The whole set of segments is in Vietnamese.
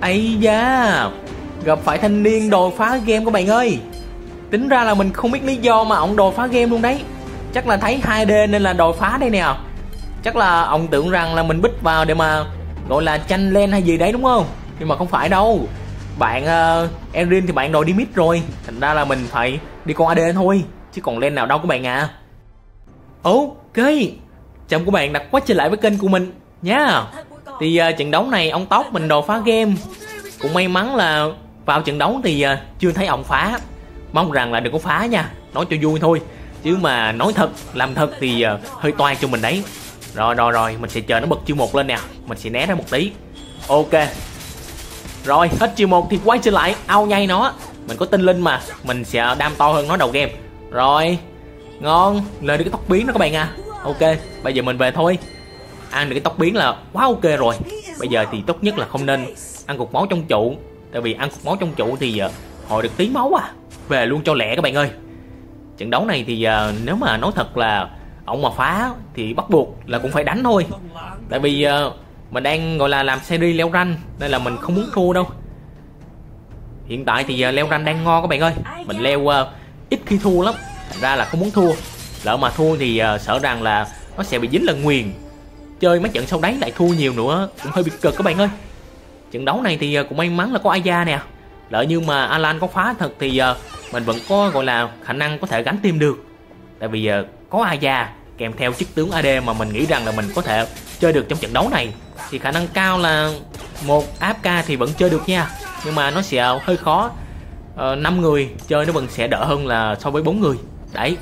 ấy da gặp phải thanh niên đồi phá game của bạn ơi tính ra là mình không biết lý do mà ổng đồi phá game luôn đấy chắc là thấy 2D nên là đồi phá đây nè chắc là ông tưởng rằng là mình bích vào để mà gọi là tranh lên hay gì đấy đúng không nhưng mà không phải đâu bạn uh, Erin thì bạn đòi đi mid rồi thành ra là mình phải đi con AD thôi chứ còn lên nào đâu của bạn à ok chào của bạn đặt quá trở lại với kênh của mình nha yeah thì uh, trận đấu này ông tóc mình đồ phá game cũng may mắn là vào trận đấu thì uh, chưa thấy ông phá mong rằng là đừng có phá nha nói cho vui thôi chứ mà nói thật làm thật thì uh, hơi toan cho mình đấy rồi rồi rồi mình sẽ chờ nó bật chiêu một lên nè mình sẽ né ra một tí ok rồi hết chiêu một thì quay trở lại ao nhay nó mình có tinh linh mà mình sẽ đam to hơn nó đầu game rồi ngon lên được cái tóc biến đó các bạn à ok bây giờ mình về thôi ăn được cái tóc biến là quá ok rồi bây giờ thì tốt nhất là không nên ăn cục máu trong trụ tại vì ăn cục máu trong trụ thì ờ, hồi được tí máu à về luôn cho lẹ các bạn ơi trận đấu này thì ờ, nếu mà nói thật là ông mà phá thì bắt buộc là cũng phải đánh thôi tại vì ờ, mình đang gọi là làm series leo ranh nên là mình không muốn thua đâu hiện tại thì leo ranh đang ngon các bạn ơi mình leo ít khi thua lắm thành ra là không muốn thua lỡ mà thua thì sợ rằng là nó sẽ bị dính lần nguyền chơi mấy trận sau đấy lại thua nhiều nữa cũng hơi bị cực các bạn ơi trận đấu này thì ờ, cũng may mắn là có Aya nè lỡ như mà Alan có phá thật thì ờ, mình vẫn có gọi là khả năng có thể gánh tim được tại vì ờ, có Aya kèm theo chiếc tướng AD mà mình nghĩ rằng là mình có thể chơi được trong trận đấu này thì khả năng cao là một AFK thì vẫn chơi được nha nhưng mà nó sẽ hơi khó ờ, 5 người chơi nó vẫn sẽ đỡ hơn là so với bốn người đấy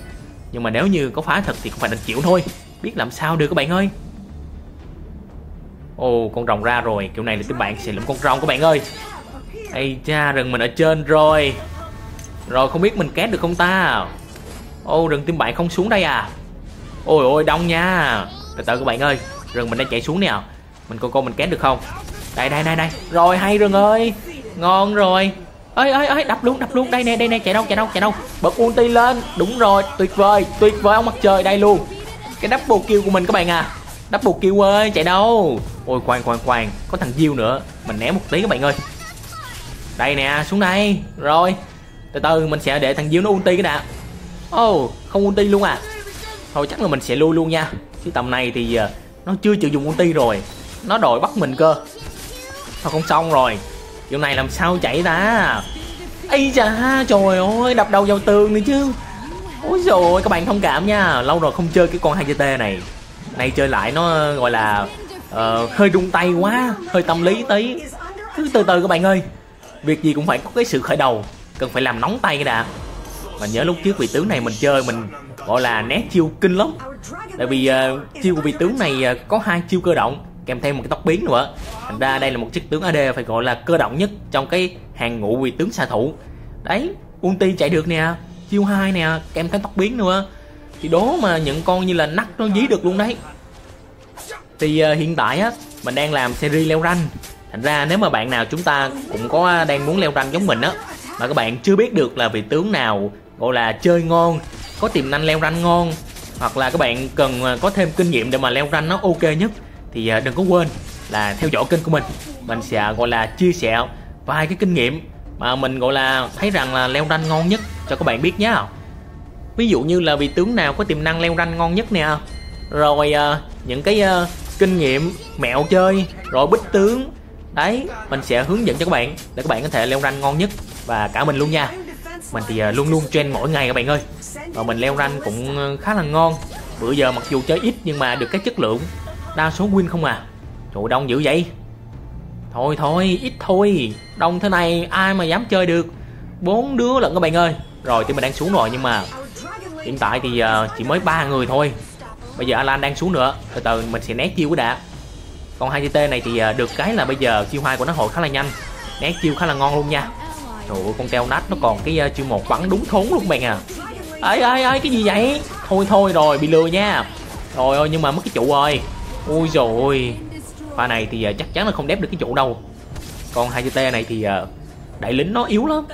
nhưng mà nếu như có phá thật thì cũng phải đành chịu thôi biết làm sao được các bạn ơi Ồ, oh, con rồng ra rồi. Kiểu này là các bạn sẽ lượm con rồng các bạn ơi. Ây cha, rừng mình ở trên rồi. Rồi không biết mình két được không ta. ồ oh, rừng tim bạn không xuống đây à. Ôi ôi đông nha. Từ từ các bạn ơi, rừng mình đang chạy xuống nè. Mình coi coi mình két được không. Đây đây đây đây. Rồi hay rừng ơi. Ngon rồi. Ơi ơi ơi, đập luôn, đập luôn. Đây nè, đây nè, chạy đâu, chạy đâu, chạy đâu. Bật ulti lên. Đúng rồi, tuyệt vời, tuyệt vời ông mặt trời đây luôn. Cái double kill của mình các bạn à. Double kill ơi, chạy đâu? ôi khoan khoan khoan có thằng diêu nữa mình né một tí các bạn ơi đây nè xuống đây rồi từ từ mình sẽ để thằng diêu nó ulti cái đã ô oh, không ulti luôn à thôi chắc là mình sẽ lui luôn nha chứ tầm này thì ờ, nó chưa chịu dùng ulti rồi nó đòi bắt mình cơ thôi không xong rồi kiểu này làm sao chạy ta ấy da trời ơi đập đầu vào tường này chứ ôi rồi các bạn thông cảm nha lâu rồi không chơi cái con 2 gt này nay chơi lại nó gọi là uh, hơi rung tay quá hơi tâm lý tí cứ từ từ các bạn ơi việc gì cũng phải có cái sự khởi đầu cần phải làm nóng tay cái đã mà nhớ lúc trước vị tướng này mình chơi mình gọi là né chiêu kinh lắm tại vì uh, chiêu của vị tướng này uh, có hai chiêu cơ động kèm thêm một cái tóc biến nữa thành ra đây là một chiếc tướng AD phải gọi là cơ động nhất trong cái hàng ngũ vị tướng xạ thủ đấy ulti chạy được nè chiêu hai nè kèm theo tóc biến nữa thì đố mà những con như là nắc nó dí được luôn đấy thì uh, hiện tại á mình đang làm series leo rank thành ra nếu mà bạn nào chúng ta cũng có đang muốn leo rank giống mình á mà các bạn chưa biết được là vị tướng nào gọi là chơi ngon có tiềm năng leo rank ngon hoặc là các bạn cần ờ, có thêm kinh nghiệm để mà leo rank nó ok nhất thì ờ, đừng có quên là theo dõi kênh của mình mình sẽ gọi là chia sẻ vài cái kinh nghiệm mà mình gọi là thấy rằng là leo rank ngon nhất cho các bạn biết nhé ví dụ như là vị tướng nào có tiềm năng leo rank ngon nhất nè rồi những cái kinh nghiệm mẹo chơi rồi bích tướng đấy mình sẽ hướng dẫn cho các bạn để các bạn có thể leo rank ngon nhất và cả mình luôn nha mình thì ờ, luôn luôn trên mỗi ngày các bạn ơi và mình leo rank cũng ờ, khá là ngon bữa giờ mặc dù chơi ít nhưng mà được cái chất lượng đa số win không à trời đông dữ vậy thôi thôi ít thôi đông thế này ai mà dám chơi được bốn đứa lận các bạn ơi rồi thì mình đang xuống rồi nhưng mà hiện tại thì ờ, chỉ mới ba người thôi bây giờ Alan đang xuống nữa từ từ mình sẽ né chiêu của đã còn hai gt này thì à, được cái là bây giờ chiêu hai của nó hội khá là nhanh né chiêu khá là ngon luôn nha trời ơi con keo nát nó còn cái à, chiêu một bắn đúng thốn luôn bạn à ấy ấy ấy cái gì vậy thôi thôi rồi bị lừa nha rồi ơi nhưng mà mất cái trụ rồi ui rồi pha này thì à, chắc chắn là không đép được cái trụ đâu còn hai gt này thì đại lính nó yếu lắm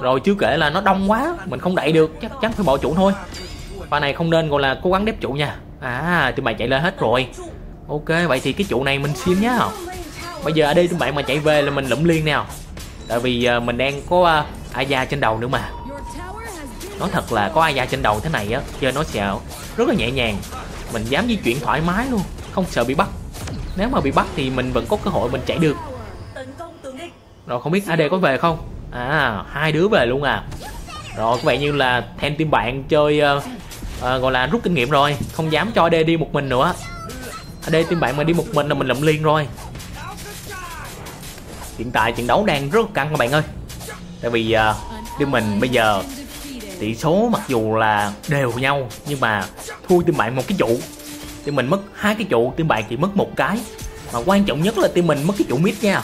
rồi chưa kể là nó đông quá mình không đẩy được chắc chắn phải bỏ trụ thôi pha này không nên gọi là cố gắng đép trụ nha À tụi bạn chạy lên hết rồi Ok vậy thì cái trụ này mình sim nhá Bây giờ ở đây tụi bạn mà chạy về là mình lụm liên nào Tại vì uh, mình đang có uh, Aya trên đầu nữa mà Nói thật là có Aya trên đầu thế này á Chơi nó sẽ rất là nhẹ nhàng Mình dám di chuyển thoải mái luôn Không sợ bị bắt Nếu mà bị bắt thì mình vẫn có cơ hội mình chạy được Rồi không biết AD có về không À hai đứa về luôn à Rồi có vẻ như là thêm team bạn chơi uh, à, gọi là rút kinh nghiệm rồi không dám cho AD đi một mình nữa AD team bạn mà đi một mình là mình lụm liên rồi hiện tại trận đấu đang rất căng các bạn ơi tại vì uh, team mình bây giờ tỷ số mặc dù là đều nhau nhưng mà thua team bạn một cái trụ team mình mất hai cái trụ team bạn chỉ mất một cái mà quan trọng nhất là team mình mất cái trụ mid nha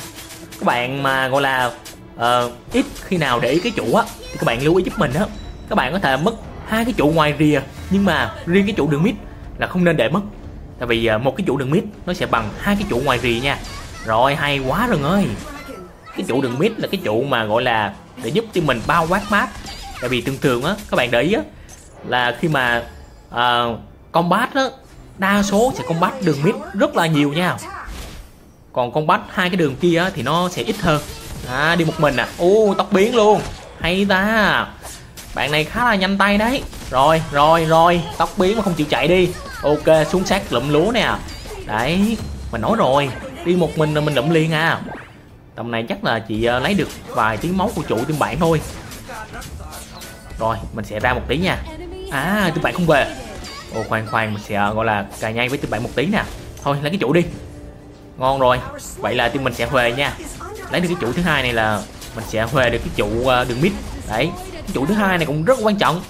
các bạn mà gọi là uh, ít khi nào để ý cái trụ á thì các bạn lưu ý giúp mình á các bạn có thể mất hai cái trụ ngoài rìa nhưng mà riêng cái trụ đường mid là không nên để mất tại vì à, một cái trụ đường mid nó sẽ bằng hai cái trụ ngoài rì nha rồi hay quá rồi ơi cái trụ đường mid là cái trụ mà gọi là để giúp cho mình bao quát mát tại vì thường thường á các bạn để ý á là khi mà uh, combat á đa số sẽ combat đường mid rất là nhiều nha còn combat hai cái đường kia á, thì nó sẽ ít hơn à đi một mình à u tóc biến luôn hay ta bạn này khá là nhanh tay đấy rồi rồi rồi tóc biến mà không chịu chạy đi ok xuống sát lụm lúa nè đấy mình nói rồi đi một mình là mình lụm liền à tầm này chắc là chị ờ, lấy được vài tiếng máu của chủ team bạn thôi rồi mình sẽ ra một tí nha à team bạn không về ồ khoan khoan mình sẽ ờ, gọi là cài nhanh với team bạn một tí nè thôi lấy cái chủ đi ngon rồi vậy là team mình sẽ về nha lấy được cái chủ thứ hai này là mình sẽ về được cái chủ ờ, đường mít đấy trụ thứ hai này cũng rất quan trọng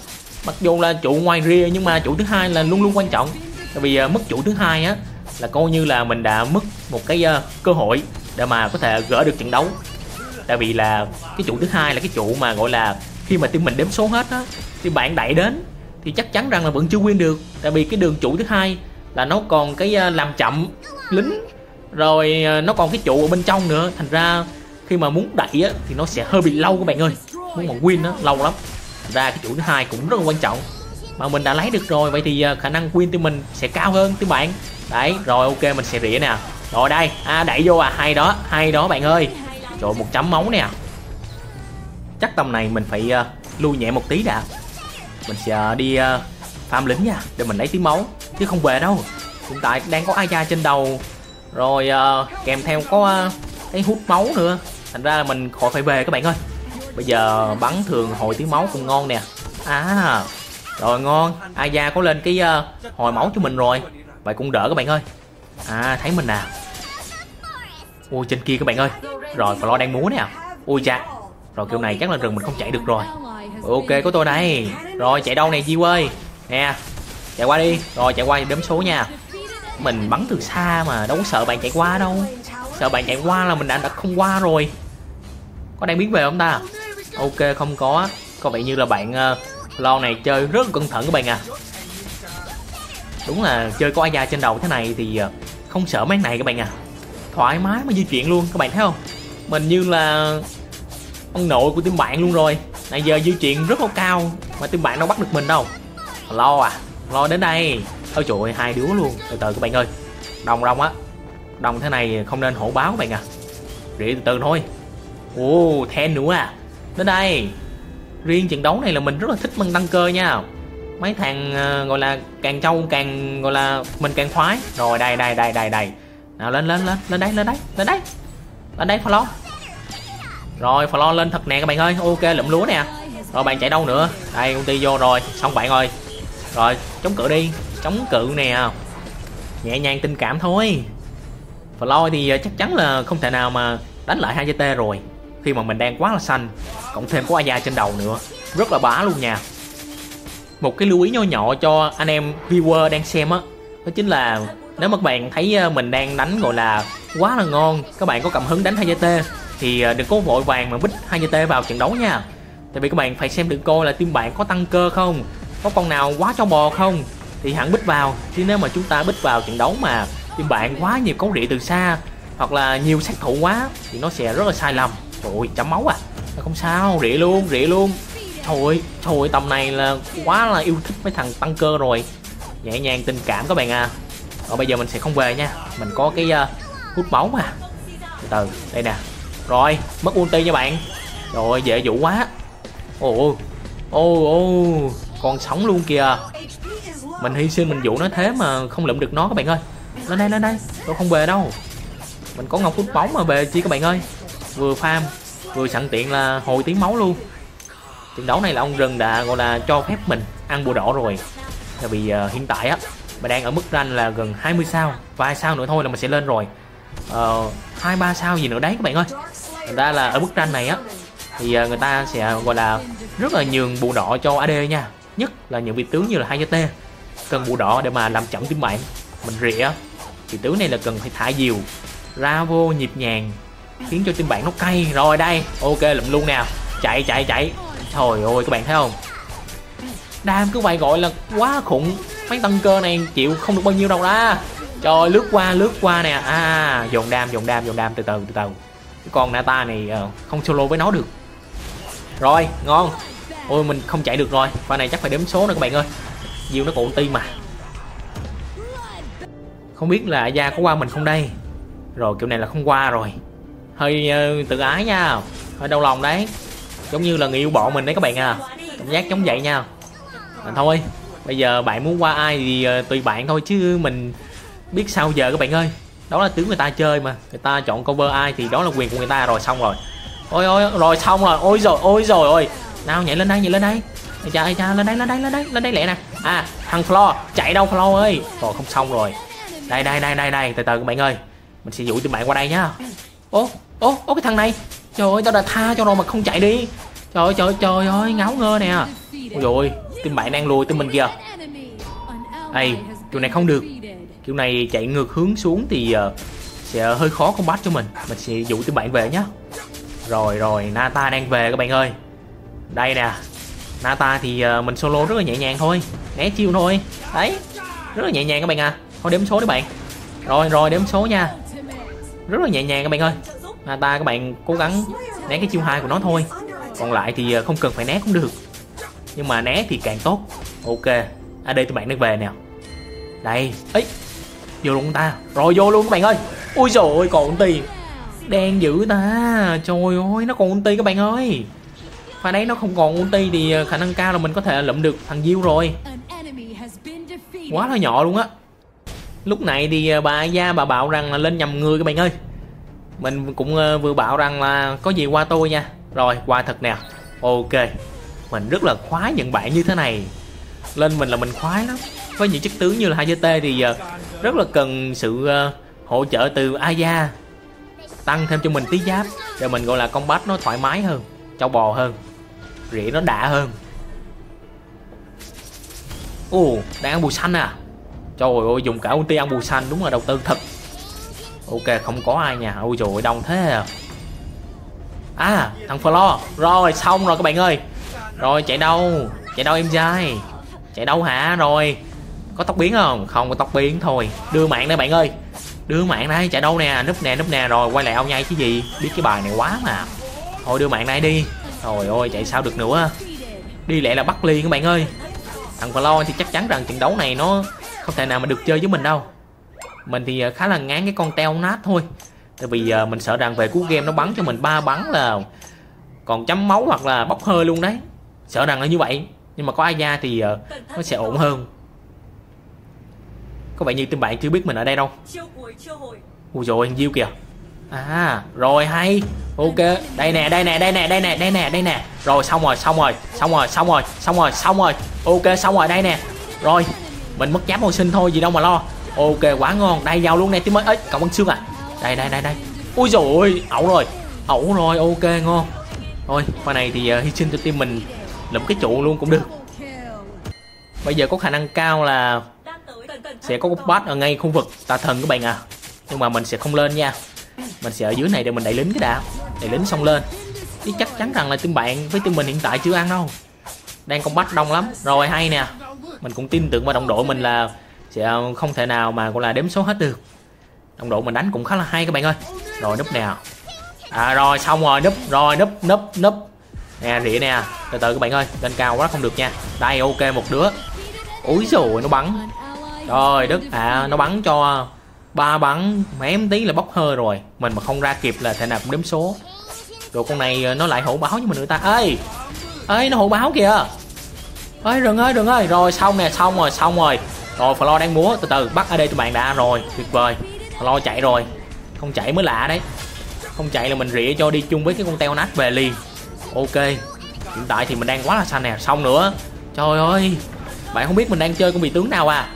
mặc dù là trụ ngoài rìa nhưng mà trụ thứ hai là luôn luôn quan trọng tại vì ờ, mất trụ thứ hai á là coi như là mình đã mất một cái ờ, cơ hội để mà có thể gỡ được trận đấu tại vì là cái trụ thứ hai là cái trụ mà gọi là khi mà team mình đếm số hết á thì bạn đẩy đến thì chắc chắn rằng là vẫn chưa win được tại vì cái đường trụ thứ hai là nó còn cái ờ, làm chậm lính rồi nó còn cái trụ ở bên trong nữa thành ra khi mà muốn đẩy á, thì nó sẽ hơi bị lâu các bạn ơi muốn một win đó, lâu lắm ra cái chuỗi thứ hai cũng rất là quan trọng mà mình đã lấy được rồi vậy thì ờ, khả năng win từ mình sẽ cao hơn từ bạn đấy rồi ok mình sẽ rỉa nè rồi đây à đẩy vô à hay đó hay đó bạn ơi rồi một chấm máu nè chắc tầm này mình phải uh, lui nhẹ một tí đã mình sẽ ờ, đi uh, farm lính nha để mình lấy tí máu chứ không về đâu hiện tại đang có ai trên đầu rồi uh, kèm theo có uh, cái hút máu nữa thành ra là mình khỏi phải về các bạn ơi bây giờ bắn thường hồi tiếng máu cũng ngon nè à rồi ngon aya có lên cái uh, hồi máu cho mình rồi vậy cũng đỡ các bạn ơi à thấy mình nè à. ui trên kia các bạn ơi rồi lo đang múa nè ui cha, rồi kiểu này chắc là rừng mình không chạy được rồi ok có tôi đây rồi chạy đâu này diêu ơi nè chạy qua đi rồi chạy qua đếm số nha mình bắn từ xa mà đâu có sợ bạn chạy qua đâu sợ bạn chạy qua là mình đã, đã không qua rồi có đang biến về không ta ok không có có vẻ như là bạn uh, lo này chơi rất cẩn thận các bạn à đúng là chơi có da trên đầu thế này thì uh, không sợ mấy này các bạn à thoải mái mà di chuyển luôn các bạn thấy không mình như là ông nội của team bạn luôn rồi nãy giờ di chuyển rất là cao mà team bạn đâu bắt được mình đâu lo à lo đến đây ôi trời ơi hai đứa luôn từ từ các bạn ơi đồng đồng á đồng thế này không nên hổ báo các bạn à rỉ từ từ thôi ồ then nữa à đến đây riêng trận đấu này là mình rất là thích băng tăng cơ nha mấy thằng uh, gọi là càng trâu càng gọi là mình càng khoái rồi đây đây đây đây đây nào lên lên lên lên đây lên đây lên đây, lên đây follow rồi follow lên thật nè các bạn ơi ok lụm lúa nè rồi bạn chạy đâu nữa đây công ty vô rồi xong bạn ơi rồi chống cự đi chống cự nè nhẹ nhàng tình cảm thôi follow thì ờ, chắc chắn là không thể nào mà đánh lại hai gt rồi khi mà mình đang quá là xanh cộng thêm có Aya trên đầu nữa rất là bá luôn nha một cái lưu ý nhỏ nhỏ cho anh em viewer đang xem á đó, đó chính là nếu mà các bạn thấy ờ, mình đang đánh gọi là quá là ngon các bạn có cảm hứng đánh 2GT thì ờ, đừng có vội vàng mà bích 2GT vào trận đấu nha tại vì các bạn phải xem được coi là team bạn có tăng cơ không có con nào quá cho bò không thì hẳn bích vào chứ nếu mà chúng ta bích vào trận đấu mà team bạn quá nhiều cấu rỉa từ xa hoặc là nhiều sát thủ quá thì nó sẽ rất là sai lầm trời chấm máu à không sao rỉa luôn rỉa luôn trời ơi tầm này là quá là yêu thích mấy thằng tăng cơ rồi nhẹ nhàng tình cảm các bạn à rồi bây giờ mình sẽ không về nha mình có cái uh, hút máu mà từ từ đây nè rồi mất ulti nha bạn rồi dễ dụ quá ô ô ô còn sống luôn kìa mình hy sinh mình dụ nó thế mà không lượm được nó các bạn ơi lên đây lên đây tôi không về đâu mình có ngọc hút máu mà về chi các bạn ơi vừa farm vừa sẵn tiện là hồi tiếng máu luôn trận đấu này là ông rừng đã gọi là cho phép mình ăn bùa đỏ rồi tại vì uh, hiện tại á mình đang ở mức rank là gần 20 sao vài sao nữa thôi là mình sẽ lên rồi ờ, hai uh, ba sao gì nữa đấy các bạn ơi thành ra là ở mức rank này á thì uh, người ta sẽ gọi là rất là nhường bùa đỏ cho AD nha nhất là những vị tướng như là hai t cần bùa đỏ để mà làm chậm tiếng mạng mình rỉa thì tướng này là cần phải thả diều ra vô nhịp nhàng khiến cho team bạn nó cay rồi đây ok lụm luôn nè, chạy chạy chạy trời ơi các bạn thấy không đam cứ vậy gọi là quá khủng mấy tăng cơ này chịu không được bao nhiêu đâu đó trời lướt qua lướt qua nè à dồn đam dồn đam dồn đam từ từ từ từ cái con nata này ờ, không solo với nó được rồi ngon ôi mình không chạy được rồi qua này chắc phải đếm số nữa các bạn ơi nhiều nó còn ti mà không biết là da có qua mình không đây rồi kiểu này là không qua rồi hơi ờ, tự ái nha hơi đau lòng đấy giống như là người yêu bộ mình đấy các bạn à cảm giác giống vậy nha à, thôi bây giờ bạn muốn qua ai thì ờ, tùy bạn thôi chứ mình biết sao giờ các bạn ơi đó là tướng người ta chơi mà người ta chọn cover ai thì đó là quyền của người ta rồi xong rồi ôi ôi rồi xong rồi ôi rồi ôi rồi ôi nào nhảy lên đây nhảy lên đây cha ơi cha lên đây lên đây lên đây lên đây lẹ nè à thằng flo chạy đâu flo ơi rồi không xong rồi đây đây đây đây đây từ từ các bạn ơi mình sẽ dụ tụi bạn qua đây nhá ô ô ô cái thằng này trời ơi tao đã tha cho rồi mà không chạy đi trời ơi trời trời ơi ngáo ngơ nè ôi rồi tim bạn đang lùi tim mình kìa ây kiểu này không được kiểu này chạy ngược hướng xuống thì uh, sẽ hơi khó không bắt cho mình mình sẽ dụ tim bạn về nhé. rồi rồi nata đang về các bạn ơi đây nè nata thì uh, mình solo rất là nhẹ nhàng thôi né chiêu thôi đấy rất là nhẹ nhàng các bạn à thôi đếm số đấy bạn rồi rồi đếm số nha rất là nhẹ nhàng các bạn ơi ta các bạn cố gắng né cái chiêu hai của nó thôi còn lại thì ờ, không cần phải né cũng được nhưng mà né thì càng tốt ok à đây tụi bạn đang về nè đây ấy vô luôn ta rồi vô luôn các bạn ơi ui rồi ôi còn ulti đen dữ ta trời ơi nó còn ulti các bạn ơi pha đấy nó không còn ulti thì ờ, khả năng cao là mình có thể lượm được thằng diêu rồi quá là nhỏ luôn á lúc này thì ờ, bà gia bà bảo rằng là lên nhầm người các bạn ơi mình cũng ờ, vừa bảo rằng là có gì qua tôi nha rồi qua thật nè ok mình rất là khoái những bạn như thế này lên mình là mình khoái lắm với những chức tướng như là hai t thì giờ rất là cần sự ờ, hỗ trợ từ aya tăng thêm cho mình tí giáp để mình gọi là bát nó thoải mái hơn châu bò hơn rỉ nó đã hơn ồ đang ăn bù xanh à trời ơi dùng cả ulti ăn bù xanh đúng là đầu tư thật ok không có ai nha ôi trời đông thế à à thằng flo rồi xong rồi các bạn ơi rồi chạy đâu chạy đâu em trai chạy đâu hả rồi có tóc biến không không có tóc biến thôi đưa mạng đây bạn ơi đưa mạng đây chạy đâu nè núp nè núp nè rồi quay lại ông nhai chứ gì biết cái bài này quá mà thôi đưa mạng đây đi rồi ôi chạy sao được nữa đi lại là bắt liền các bạn ơi thằng flo thì chắc chắn rằng trận đấu này nó không thể nào mà được chơi với mình đâu mình thì ờ, khá là ngán cái con teo nát thôi tại vì giờ mình sợ rằng về cú game nó bắn cho mình ba bắn là còn chấm máu hoặc là bốc hơi luôn đấy sợ rằng là như vậy nhưng mà có ai ra thì ờ, nó sẽ ổn hơn có vẻ như tin bạn chưa biết mình ở đây đâu ui rồi anh diêu kìa à rồi hay ok đây nè đây nè đây nè đây nè đây nè đây nè rồi xong rồi xong rồi xong rồi xong rồi xong rồi xong rồi ok xong rồi đây nè rồi mình mất giáp hồi sinh thôi gì đâu mà lo ok quá ngon đây giao luôn này tí mới ấy cậu băng xương à đây đây đây đây ui rồi ôi ẩu rồi ẩu rồi ok ngon thôi pha này thì uh, hy sinh cho team mình lụm cái trụ luôn cũng được bây giờ có khả năng cao là sẽ có boss ở ngay khu vực tà thần các bạn à nhưng mà mình sẽ không lên nha mình sẽ ở dưới này để mình đẩy lính cái đã đẩy lính xong lên chứ chắc chắn rằng là team bạn với team mình hiện tại chưa ăn đâu đang công bắt đông lắm rồi hay nè mình cũng tin tưởng vào đồng đội mình là sẽ không thể nào mà gọi là đếm số hết được đồng độ mình đánh cũng khá là hay các bạn ơi rồi núp nào à rồi xong rồi núp rồi núp núp núp nè rỉa nè từ từ các bạn ơi lên cao quá không được nha đây ok một đứa Ủi rồi nó bắn rồi đức à nó bắn cho ba bắn mém tí là bốc hơi rồi mình mà không ra kịp là thể nào cũng đếm số rồi con này ờ, nó lại hổ báo với mình người ta ơi ơi nó hổ báo kìa ơi rừng ơi rừng ơi rồi xong nè xong rồi xong rồi rồi Flo đang múa từ từ bắt AD cho bạn đã rồi tuyệt vời Flo chạy rồi không chạy mới lạ đấy không chạy là mình rỉa cho đi chung với cái con teo nát về liền ok hiện tại thì mình đang quá là xanh nè xong nữa trời ơi bạn không biết mình đang chơi con vị tướng nào à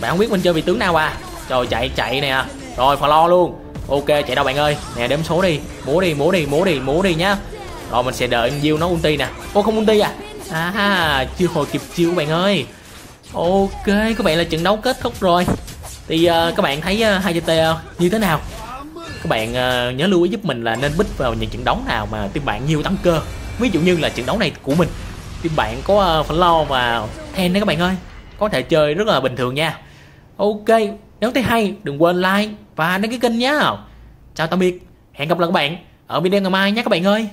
bạn không biết mình chơi vị tướng nào à trời chạy chạy nè rồi Flo luôn ok chạy đâu bạn ơi nè đếm số đi múa đi múa đi múa đi múa đi nhá rồi mình sẽ đợi anh Diêu nó ulti nè ô không ulti à à chưa hồi kịp chiêu bạn ơi ok các bạn là trận đấu kết thúc rồi thì uh, các bạn thấy uh, hai gt ờ, như thế nào các bạn uh, nhớ lưu ý giúp mình là nên bích vào những trận đấu nào mà team bạn nhiều tăng cơ ví dụ như là trận đấu này của mình team bạn có uh, lo và Ten đấy các bạn ơi có thể chơi rất là bình thường nha ok nếu thấy hay đừng quên like và đăng ký kênh nhé chào tạm biệt hẹn gặp lại các bạn ở video ngày mai nhé các bạn ơi